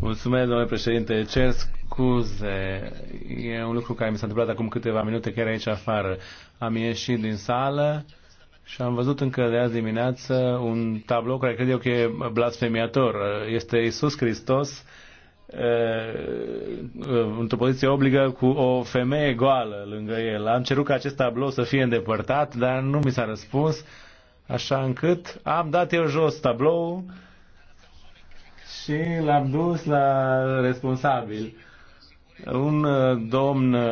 Mulțumesc, domnule președinte. Cer scuze. E un lucru care mi s-a întâmplat acum câteva minute chiar aici afară. Am ieșit din sală și am văzut încă de azi dimineață un tablou care cred eu că e blasfemiator. Este Isus Hristos eh, eh, într-o poziție obligă cu o femeie goală lângă el. Am cerut ca acest tablou să fie îndepărtat, dar nu mi s-a răspuns, așa încât am dat eu jos tablou și l-am dus la responsabil. Un uh, domn uh,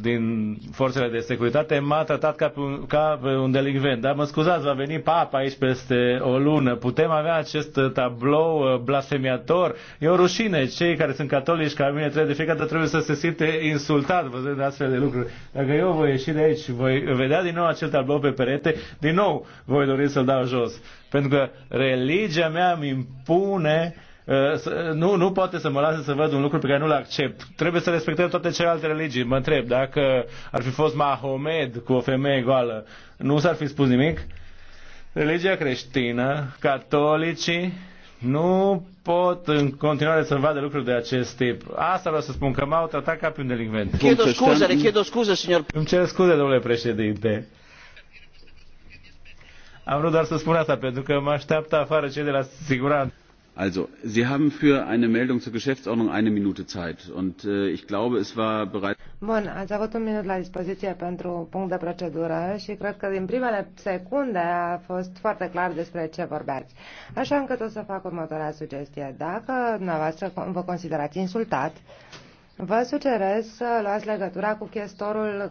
din forțele de securitate m-a tratat ca pe, un, ca pe un delinvent. Dar mă scuzați, va veni papa aici peste o lună. Putem avea acest uh, tablou blasfemiator? E o rușine. Cei care sunt catolici ca mine trebuie de fiecare dată trebuie să se simte insultat văzând astfel de lucruri. Dacă eu voi ieși de aici voi vedea din nou acel tablou pe perete, din nou voi dori să-l dau jos. Pentru că religia mea îmi impune uh, Uh, nu, nu poate să mă lase să văd un lucru pe care nu-l accept. Trebuie să respectăm toate celelalte religii. Mă întreb, dacă ar fi fost Mahomed cu o femeie goală, nu s-ar fi spus nimic? Religia creștină, catolicii, nu pot în continuare să vadă lucruri de acest tip. Asta vreau să spun, că m-au tratat ca pe un delinvent. Chiedo scuze, le chiedo scuze, signor... Îmi cer scuze, domnule președinte. Am vrut doar să spun asta, pentru că mă așteaptă afară cei de la siguranță. Also, Sie haben für eine Meldung zur Geschäftsordnung eine Minute Zeit und äh, ich glaube, es war bereits. Bun, ați avut un minut la dispoziție pentru punct de procedură și cred că din primele secunde a fost foarte clar despre ce vorbeați. Așa încât o să fac următoarea sugestie. Dacă dumneavoastră vă considerați insultat, vă sugerez să luați legătura cu chestorul